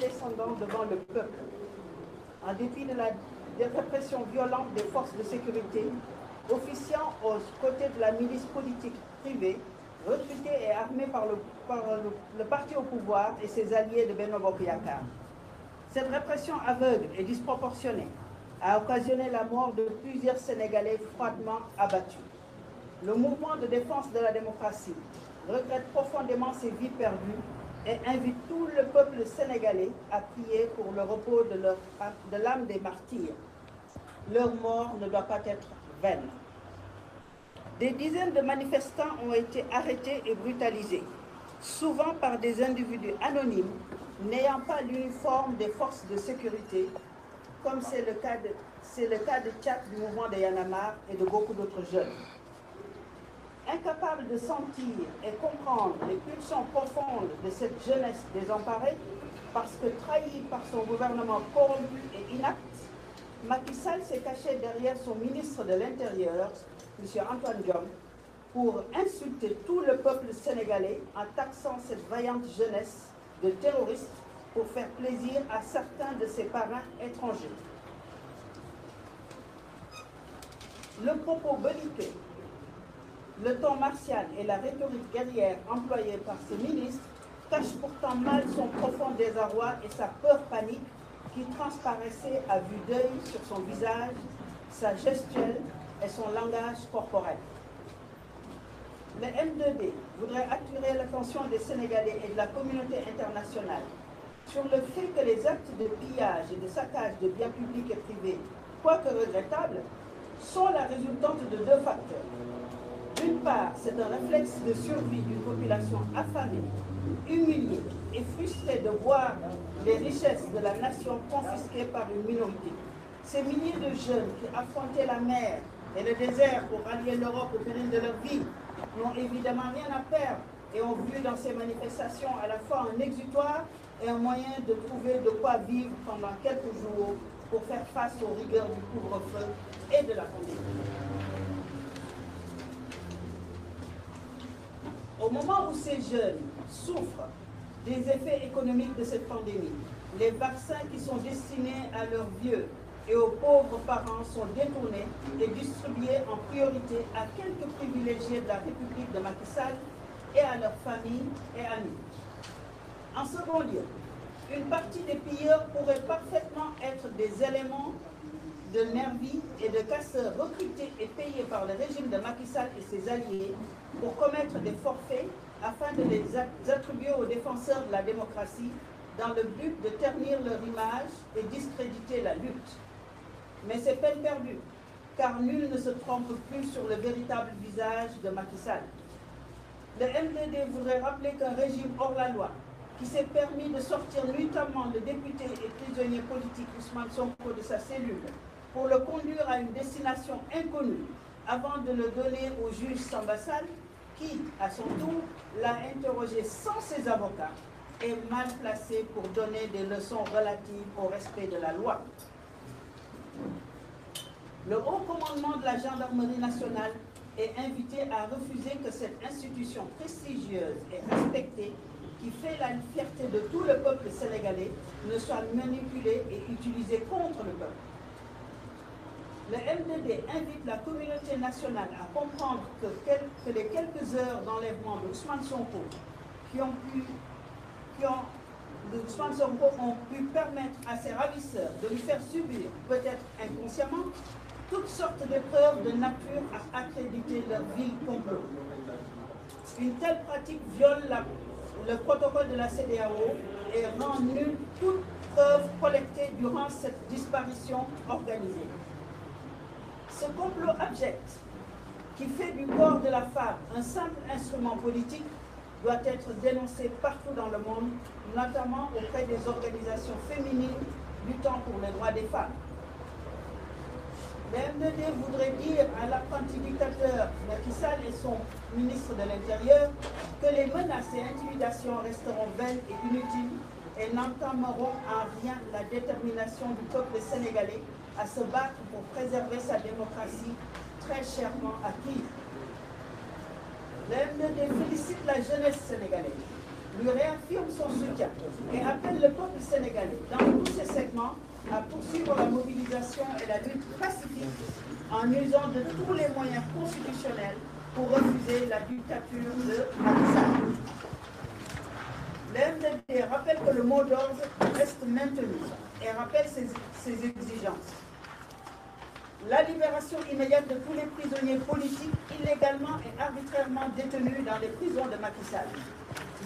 descendant devant le peuple. En dépit de la répression violente des forces de sécurité, officiant aux côtés de la milice politique privée, recrutée et armée par le, par le, parti au pouvoir et ses alliés de Beno Bokuyakar. Cette répression aveugle et disproportionnée a occasionné la mort de plusieurs Sénégalais froidement abattus. Le mouvement de défense de la démocratie regrette profondément ces vies perdues et invite tout le peuple sénégalais à prier pour le repos de, l'âme des martyrs. Leur mort ne doit pas être vaine. Des dizaines de manifestants ont été arrêtés et brutalisés, souvent par des individus anonymes n'ayant pas l'uniforme des forces de sécurité, comme c'est le cas de, c'est de Tchad du mouvement de Yanamar et de beaucoup d'autres jeunes. Incapable de sentir et comprendre les pulsions profondes de cette jeunesse désemparée, parce que trahi par son gouvernement corrompu et inacte, Macky Sall s'est caché derrière son ministre de l'Intérieur, M. Antoine Diom, pour insulter tout le peuple sénégalais en taxant cette vaillante jeunesse de terroristes pour faire plaisir à certains de ses parrains étrangers. Le propos bonité. Le ton martial et la rhétorique guerrière employée par ses ministres cachent pourtant mal son profond désarroi et sa peur panique qui transparaissait à vue d'œil sur son visage, sa gestuelle et son langage corporel. Le M2D voudrait attirer l'attention des Sénégalais et de la communauté internationale sur le fait que les actes de pillage et de saccage de biens publics et privés, quoique regrettables, sont la résultante de deux facteurs d'une part, c'est un réflexe de survie d'une population affamée, humiliée et frustrée de voir les richesses de la nation confisquées par une minorité. Ces milliers de jeunes qui affrontaient la mer et le désert pour rallier l'Europe au péril de leur vie n'ont évidemment rien à perdre et ont vu dans ces manifestations à la fois un exutoire et un moyen de trouver de quoi vivre pendant quelques jours pour faire face aux rigueurs du couvre-feu et de la pandémie. Au moment où ces jeunes souffrent des effets économiques de cette pandémie, les vaccins qui sont destinés à leurs vieux et aux pauvres parents sont détournés et distribués en priorité à quelques privilégiés de la République de Macky et à leurs familles et amis. En second lieu, une partie des pilleurs pourrait parfaitement être des éléments de nervis et de casseurs recrutés et payés par le régime de Macky Sall et ses alliés pour commettre des forfaits afin de les attribuer aux défenseurs de la démocratie dans le but de ternir leur image et discréditer la lutte. Mais c'est peine perdue, car nul ne se trompe plus sur le véritable visage de Macky Sall. Le MDD voudrait rappeler qu'un régime hors la loi, qui s'est permis de sortir nuitamment le députés et prisonniers politiques Ousmane Sonko de sa cellule, pour le conduire à une destination inconnue avant de le donner au juge Sambassal qui, à son tour, l'a interrogé sans ses avocats et mal placé pour donner des leçons relatives au respect de la loi. Le haut commandement de la gendarmerie nationale est invité à refuser que cette institution prestigieuse et respectée qui fait la fierté de tout le peuple sénégalais ne soit manipulée et utilisée contre le peuple le MDD invite la communauté nationale à comprendre que, les quelques heures d'enlèvement de Ousmane qui ont pu, qui ont, de ont pu permettre à ses ravisseurs de lui faire subir, peut-être inconsciemment, toutes sortes de preuves de nature à accréditer leur ville complot. Une telle pratique viole le protocole de la CDAO et rend nulle toute preuve collectée durant cette disparition organisée complot abject qui fait du corps de la femme un simple instrument politique doit être dénoncé partout dans le monde, notamment auprès des organisations féminines luttant pour les droits des femmes. L'MDD voudrait dire à l'apprenti dictateur Macky et son ministre de l'Intérieur que les menaces et intimidations resteront vaines et inutiles et n'entameront en rien la détermination du peuple sénégalais à se battre pour préserver sa démocratie, très chèrement acquise. L'AMDD félicite la jeunesse sénégalaise, lui réaffirme son soutien et appelle le peuple sénégalais, dans tous ses segments, à poursuivre la mobilisation et la lutte pacifique en usant de tous les moyens constitutionnels pour refuser la dictature de Macky L'AMD rappelle que le mot d'ordre reste maintenu et rappelle ses ses exigences. La libération immédiate de tous les prisonniers politiques illégalement et arbitrairement détenus dans les prisons de Macky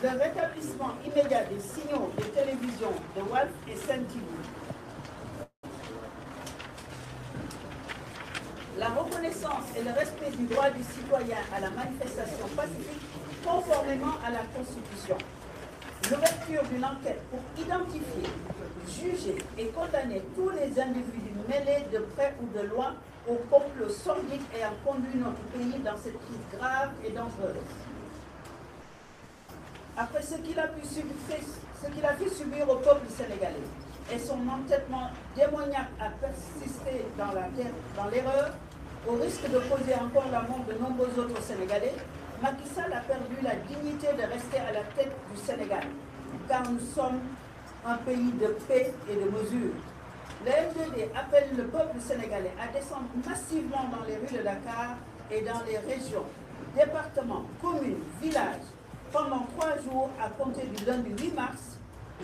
Le rétablissement immédiat des signaux de télévision de WALF et saint La reconnaissance et le respect du droit du citoyen à la manifestation pacifique conformément à la Constitution l'ouverture d'une enquête pour identifier, juger et condamner tous les individus mêlés de près ou de loin au complot sordide et a conduit notre pays dans cette crise grave et dangereuse. Après ce qu'il a, pu subir, ce qu'il a subir au peuple sénégalais et son entêtement démoniaque à persister dans, dans l'erreur, au risque de poser encore la mort de nombreux autres Sénégalais, Macky Sall a perdu la dignité de rester à la tête du Sénégal, car nous sommes un pays de paix et de mesure. Le MDD appelle le peuple sénégalais à descendre massivement dans les rues de Dakar et dans les régions, départements, communes, villages, pendant trois jours à compter du lundi 8 mars,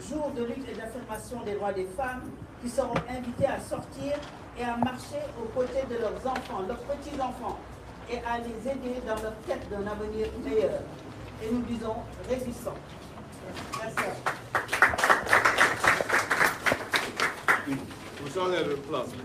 jour de lutte et d'affirmation des droits des femmes, qui seront invités à sortir et à marcher aux côtés de leurs enfants, leurs petits-enfants, et à les aider dans leur quête d'un avenir meilleur et nous disons résistants. Merci vous. place, vous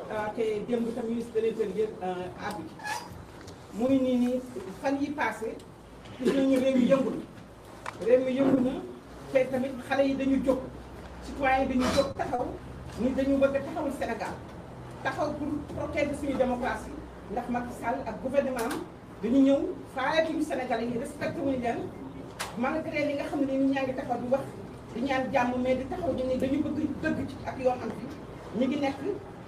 Ah, te démb tam ministre de l'intérieur addu ah, muy nii nii fan yi passé gis nañu réew mi yëngu na réew mi te tamit xale yi dañu jóg citoyen dañu jóg taxaw ni dañu bëgg a taxawul senegal taxaw pour protéger suñu démocratie ndax Macky Sall ak gouvernement am dañu ñëw faaletuñu senegal yi respecté wuñu leen malgré li nga xam ne ni ñaa ngi taxaw di wax di ñaan jàmm mais di taxaw ñu ne dañu bëgg dëgg ci ak yoon am fi ñu ngi nekk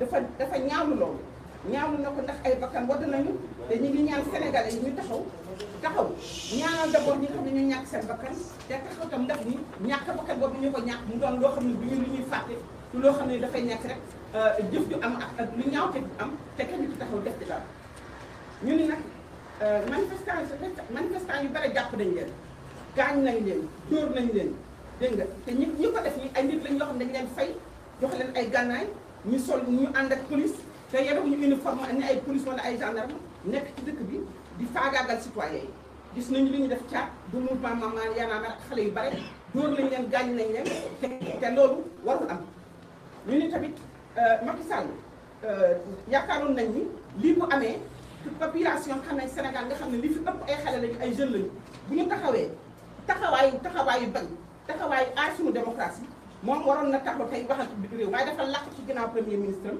dafa dafa ñaawlu loolu ñaawlu na ko ndax ay bakkan wadd nañu te ñu ngi ñaan sénégalais yi ñu taxaw taxaw ñaanal d'abord ñi nga xam ne ñu ñàkk seen bakkan te taxaw tam ndax ni ñàkk bakkan boobu ñu ko ñàkk mu doon loo xam ne du ñu lu ñuy fàtte du loo xam ne dafay nekk rek euh, jëf ju am ak lu ñaaw te du am te kenn du taxaw def ci dara ñu ni nag euh, manifestant manifestant yu bare jàpp nañ leen gaañ nañ leen dóor nañ leen dégg nga te ñi ñi ko def ñi ay nit lañ yoo xam ne dañ leen fay jox leen ay gànnaay ñu sol ñu ànd ak police te yore ñu uniforme ni ay police wala ay gendarme nekk ci dëkk bi di faagaagal citoyen yi gis nañu li ñu def caat du mouvement Maman Y en a xale yu bare dóor lañ leen gaañ nañ leen te te loolu warul am ñu ni tamit euh, Macky Sall euh, yaakaaroon nañ ni lii bu amee population xam nañ Sénégal nga xam ne li fi ëpp ay xale lañu ay jeunes lañu bu ñu taxawee taxawaayu taxawaayu bañ taxawaayu aar suñu démocratie moom waroon na taxaw tey waxante bi réew waaye dafa làq ci ginnaaw premier ministre am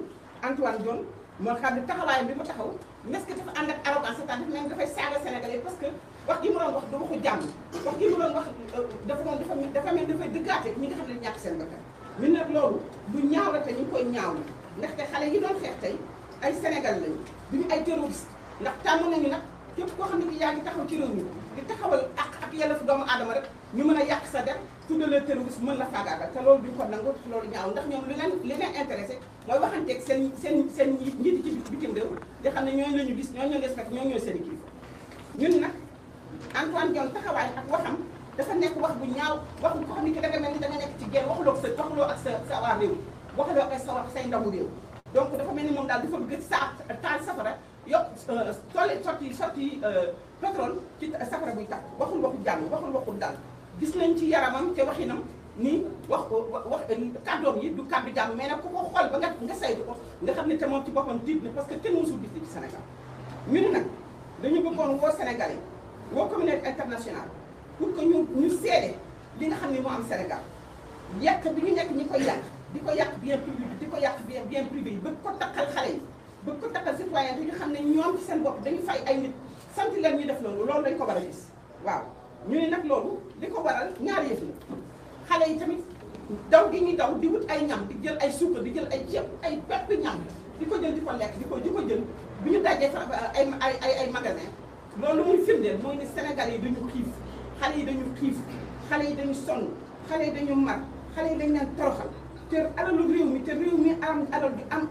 Antoine Diome moo xam ne taxawaayam bi mu taxaw est dafa ànd ak arrogance cest euh, dafa doon dafa mel dafay dëggaate ñi nga xam ne ñàkk seen bakkan ñun nag loolu du ñaaw la te ñu koy ñaaw ndaxte xale yi doon xeex tey ay sénégal lañu duñu ay terroriste ndax tàmm nañu nag képp koo xam ne yaa ngi taxaw ci réew mi di taxawal ak ak yelleefu doomu aadama rek ñu mën a yàq sa der tuddale terroriste mën la faagaagal te loolu duñ ko nangu loolu ñaaw ndax ñoom li leen li leen intéressé mooy waxanteeg seen seen seen njiit ci bitim réew di xam ne ñooñu la gis ñooñu la respecté ñooñu ñooy seen i kilifa ñun nag Antoine Diome taxawaay ak waxam dafa nekk wax bu ñaaw wax bu ko xam ne ki da nga mel ni da nga nekk ci génn waxuloo ko sa waxuloo ak sa sa waa réew waxuloo ak sa wax say ndawu réew donc dafa mel ni moom daal dafa sa taal safara yokk euh, solle sotti sotti euh, pétrole ci safara buy tàkk waxul waxu jàll waxul waxul daal gis nañ ci yaramam te waxinam ni wax wax euh, kàddoom yi du kàddu jàmm mais nag ku ko xool ba nga nga saytu ko nga xam ne te moom ci boppam tiit na parce que kenn mësul gis ci Sénégal ñun nag dañu bëggoon woo Sénégalais woo communauté internationale pour que ñu ñu seede li nga xam ne moo am Sénégal yàq bi ñu nekk ñi koy yàq di ko yàq bien public di ko yàq bien bien privé yi ba ko takkal xale yi bëgg ko takkal citoyen bi ñu xam ne ñoom ci seen bopp dañu fay ay nit sant leen ñu def loolu loolu lañ ko war a gis waaw ñu ne nag loolu li ko waral ñaar yëf la xale yi tamit daw gi ñuy daw di wut ay ñam di jël ay suukar di jël ay ceeb ay pepp ñam di ko jël di ko lekk di ko di ko jël bu ñu dajee sax ay ay ay magasin loolu muy firndeel mooy ne Sénégal yi dañu xiif xale yi dañu xiif xale yi dañu sonn xale yi dañu mar xale yi dañu leen toroxal te alalu réew mi te réew mi am alal ju am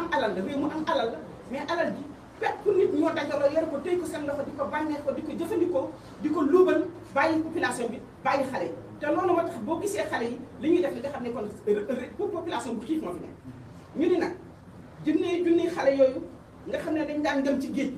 am alal la réew mu am alal la mais alal ji fépp nit ñoo dajaloo yor ko tey ko seen loxo di ko bànneex ko di ko jëfandikoo di ko luubal bàyyi population bi bàyyi xale yi te loolu moo tax boo gisee xale yi li ñuy def li nga xam ne kon pour population bu xiif moo fi nekk ñu ni nag junni junni xale yooyu nga xam ne dañ daan dem ci géej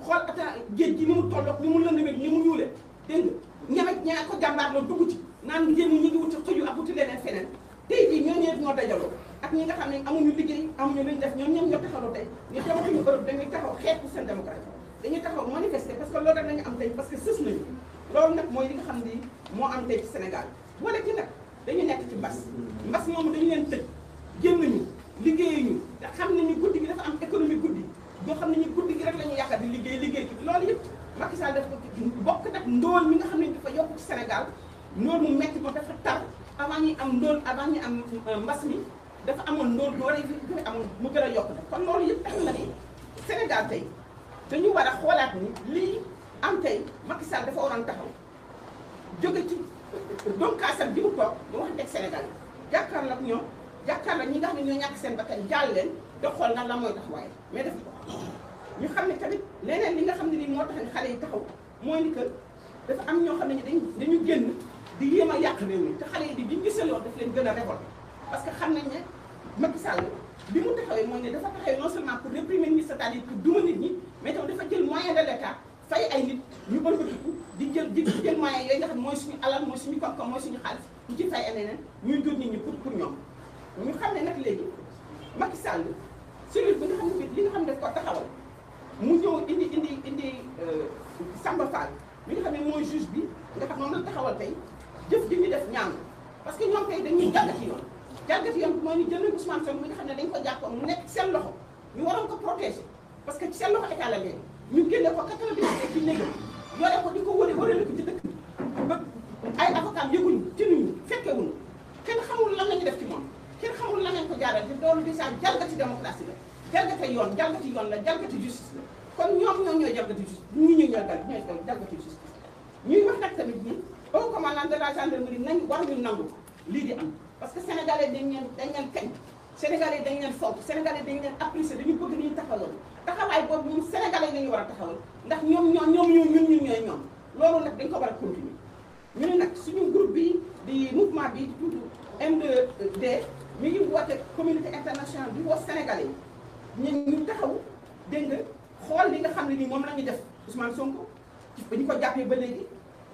xool ata géej gi ni mu tolloog ni mu lëndëmee ni mu ñuulee dégg nga ñeme ñaa ko jàmbaar la dugg ci naan ngéen ñi ngi wuti xuju ak wuti leneen feneen tey jii ñooñu yëpp ñoo dajaloo ak ñi nga xam ne amuñu liggéey amuñu luñ def ñoom ñoom ñoo taxawlu tey ñu dematuñu Europe dañuy taxaw xeex pour seen démocratie dañuy taxaw manifester parce que loolu am tey parce que sës nañu loolu nag mooy li nga xam ni moo am tey ci Sénégal boole ci nag dañu nekk ci mbas mbas moomu dañu leen tëj génnuñu liggéeyuñu te xam nañu guddi gi dafa am économie guddi yoo xam ne ñu guddi gi rek la ñuy yàqal di liggéey liggéey loolu yëpp Macky Sall mi nga xam ne dafa yokk ci Sénégal ndóol mu metti ko dafa tar avant yi am ndóol avant ñuy am euh, mbas mi dafa amoon ndóol bi war a gën a amoon mu gën a yokk nag kon loolu yëpp tax na ni Sénégal tey dañu war a xoolaat ni lii am tey Macky Sall dafa waroon taxaw jóge ci euh, donkaasam bi mu toog mu wax teg Sénégal jàkkaarloo nag ñoom jàkkaarloo ak ñi nga xam ne ñoo ñàkk seen bakkan jàll leen da xool na la mooy taxawaay mais def ko ñu xam ne tamit leneen li nga xam ne nii moo tax ne xale yi taxaw mooy ni que dafa am ñoo xam ne dañu dañu génn di yéem a yàq réew mi te xale yi di biñ gisee loolu daf leen gën a révolté parce que xam nañ ne Macky Sall bi mu taxawee mooy ne dafa taxawee non seulement pour réprimer nit c'est-à-dire pour duma nit ñi mais tam dafa jël moyen de l'état fay ay nit ñu bërbatiku di jël di jël moyen yooyu nga xam mooy suñu alal mooy suñu koom-koom mooy suñu xaalis ñu ci fay leneen ñuy jur nit ñi pour pour ñoom ñu xam ne nag léegi Macky Sall cellule bi nga xam ne li nga xam ne ko taxawal mu ñëw indi indi indi euh, Samba Fall bi nga xam ne mooy juge bi nga xam moom la taxawal tey jëf di ñu def ñaan parce que ñoom tey dañuy jàggati yoon jàggati yoon mooy ñu jël nañu Ousmane Sonko mi xam ne dañ ko seen loxo ñu waroon ko protéger parce que ci seen loxo la leen ñu génne ko ko di ko wëre wërale ko ci dëkk ba ay avocat yëguñu tinuñu fekkewuñu kenn xamul lan la ñu def ci moom kenn xamul lan lañ ko jaaral di doolu di saa jalgati démocratie la jalgati yoon jalgati yoon la jalgati justice la kon ñoom ñoo ñooy jalgati justice ñu ñuy ñoo jalgati justice ñuy wax nag tamit ñi au commandant de la gendarmerie parce que sénégalais dañ Sénégal dañ sénégalais sénégalais sénégalais groupe mouvement d communauté sénégalais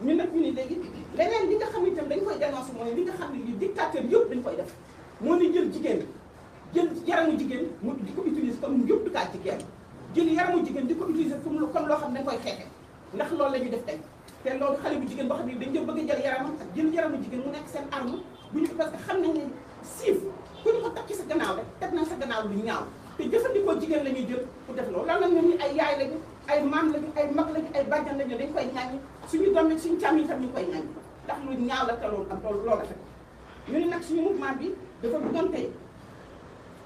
ñu nag ñu ni léegi leneen li nga xam ne tam dañ koy dénoncé mooy li nga xam ne li dictateur yëpp dañu koy def moo ni jël jigéen jël yaramu jigéen mu di ko utiliser comme jumtukaay jigéen jël yaramu jigéen di ko utiliser comme loo xam ne dañ koy xeexe ndax loolu la ñu def tey te lool xale bu jigéen boo xam ne dañ jël bëgg a jël yaramam ak jël yaramu jigéen mu nekk seen arme bu ñu parce que xam nañ ne siif ku ñu ko takk ci sa gannaaw rek teg nañ sa gannaaw lu ñaaw te jëfandikoo jigéen la ñuy jël pour def loolu lan la ñu ay yaay ay maam lañu ay mag lañu ay bàjjan lañu dañ koy ñaañi suñu doom yi suñu càmm yi tam ñu koy ñañ ndax lu ñaaw la te loolu am loolu loolu rafet ñu ne bi dafa bëggoon tey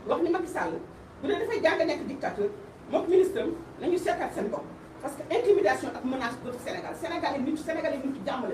wax ni Macky Sall bu dee dafay jàng nekk dictateur mook ministre am nañu seetaat seen bopp parce que intimidation ak menace dootu Sénégal Sénégal yi nit Sénégal yi a muñ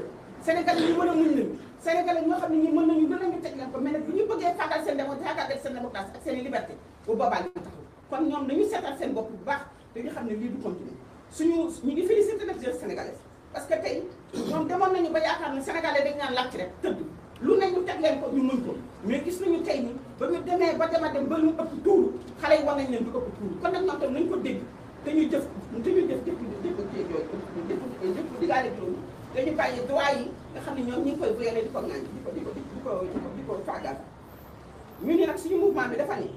nañu Sénégal mën nañu bu ñu bëggee faagal seen démo faagal seen démocratie ak seen liberté bu boobaa ñu taxaw seen bopp bu baax dañu xam ne lii du continuer suñu ñu ngi félicité nag jeune sénégalaise parce que tey ñoom demoon nañu ba yaakaar ne sénégalais dañ naan làkk rek tëdd lu ne ñu teg leen ko ñu muñ ko mais gis nañu tey ni ba ñu demee ba dema dem ba ñu ëpp tuuru xale yi war nañ leen du ëpp tuuru kon nag ñoom ko dégg te ñu jëf te ñu jëf jëf jëf jëf digaale juróom dañu bàyyi droit xam ne ñoom di ko ŋaañ di ko di ko di ko di ko faagal ñu ni nag suñu mouvement bi dafa ni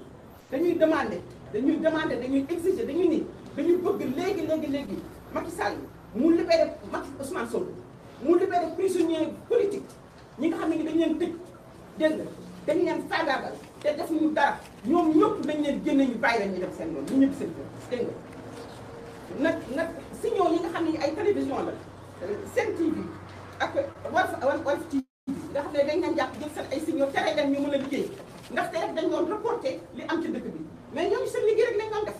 dañuy demander dañuy demander dañuy exiger dañuy ni dañuy bëgg léegi léegi léegi saal Sall mu libéré Macky Ousmane Sonko mu libéré prisonnier politique ñi nga xam ne dañ leen tëj dégg nga dañ leen saagaagal te defuñu dara ñoom ñëpp nañ leen génne ñu bàyyi la ñu dem seen yoon ñu ñëpp seen yoon dégg nga nag nag signaux yi nga xam ne ay télévision la seen TV ak Walf Walf TV nga xam ne dañ leen jàpp jël seen ay signaux tere leen ñu mën a liggéey ndaxte rek dañ doon reporté li am ci dëkk bi mais ñoom seen liggéey rek lañ doon def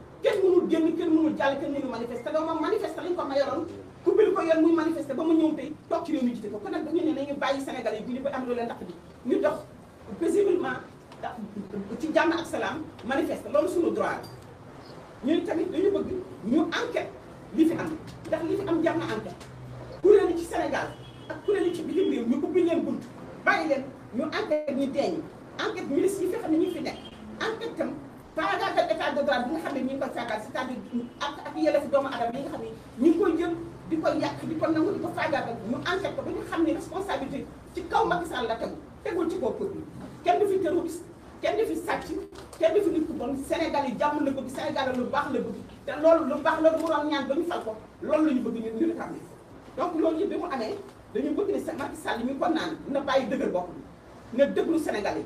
kenn mënul génn kenn mënul jàll kenn mënul manifester doo moom manifester lañ ko ma yoroon kubbili ko yoon muy manifester ba mu ñëw tey toog ci réew mi jite ko kon nag dañu ne nañu bàyyi Sénégalais yi bu ñu ba am lu leen ndax bi ñu dox paisiblement ci jàmm ak salaam loolu suñu droit la ñun tamit dañu bëgg ñu enquête li fi am ndax li fi am jar na enquête kuréel ci senegal ak kuréel yi ci bitim réew ñu ubbi leen bunt bàyyi leen ñu enquête ñu teeñ enquête ministre yi fexe na ñu fi nekk enquête tam faagaagal état de droit bi nga xam ne ñu ngi koy faagaal c'est-à-dire ak ak yelleefu doomu adama yi nga xam ne ñu ngi koy jël di ko yàq di ko nangu di ko faagaagal ñu enquête ko ba ñu xam ne responsabilité ci kaw Macky la tegu tegul ci kaw peuple kenn du fi terroriste kenn du fi sàcc kenn du fi nit ku bon Sénégal yi jàmm la bëgg Sénégal lu baax la bëgg te loolu lu baax la mu doon ñaan ba ñu fal ko loolu la ñu bëgg ñu ñu xam ne donc loolu yëpp bi mu amee dañu bëgg ne Macky Sall ñu ko naan na bàyyi Sénégal yi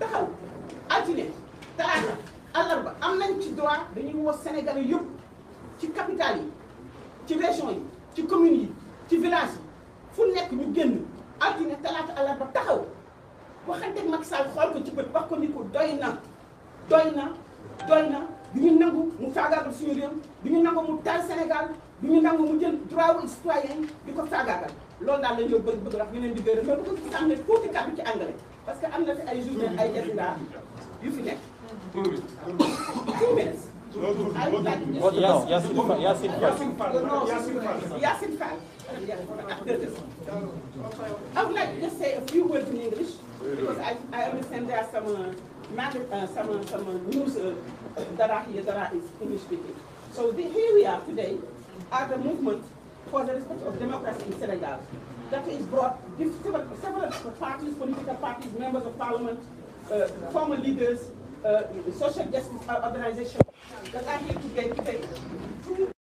taxaw altine talaata àllarba am nañ ci droit dañuy woo Sénégalais yëpp ci capitale yi ci région yi ci commune yi ci village yi fu nekk ñu génn altine talaata àllarba taxaw waxanteeg Macky Sall xool ko ci bët wax ko ni ko doy na doy na doy na du ñu nangu mu faagaagal suñu réew du ñu nangu mu taal Sénégal du ñu nangu mu jël droit wu citoyen di ko faagaagal loolu daal la ñu bëgg bëgg wax ñu leen di gërëm loolu ko gis am ne tuuti kàddu ci anglais parce que am ay ay yu fi two minutes. I would like to. Yes, I would like to just say a few words in English because I, I understand there are some uh, uh, some uh, some uh, news uh, that are here that are English speaking. So the, here we are today at the movement for the respect of democracy in Senegal that is brought several, several parties, political parties, members of parliament, uh, former leaders, uh, social justice organizations that are here today, today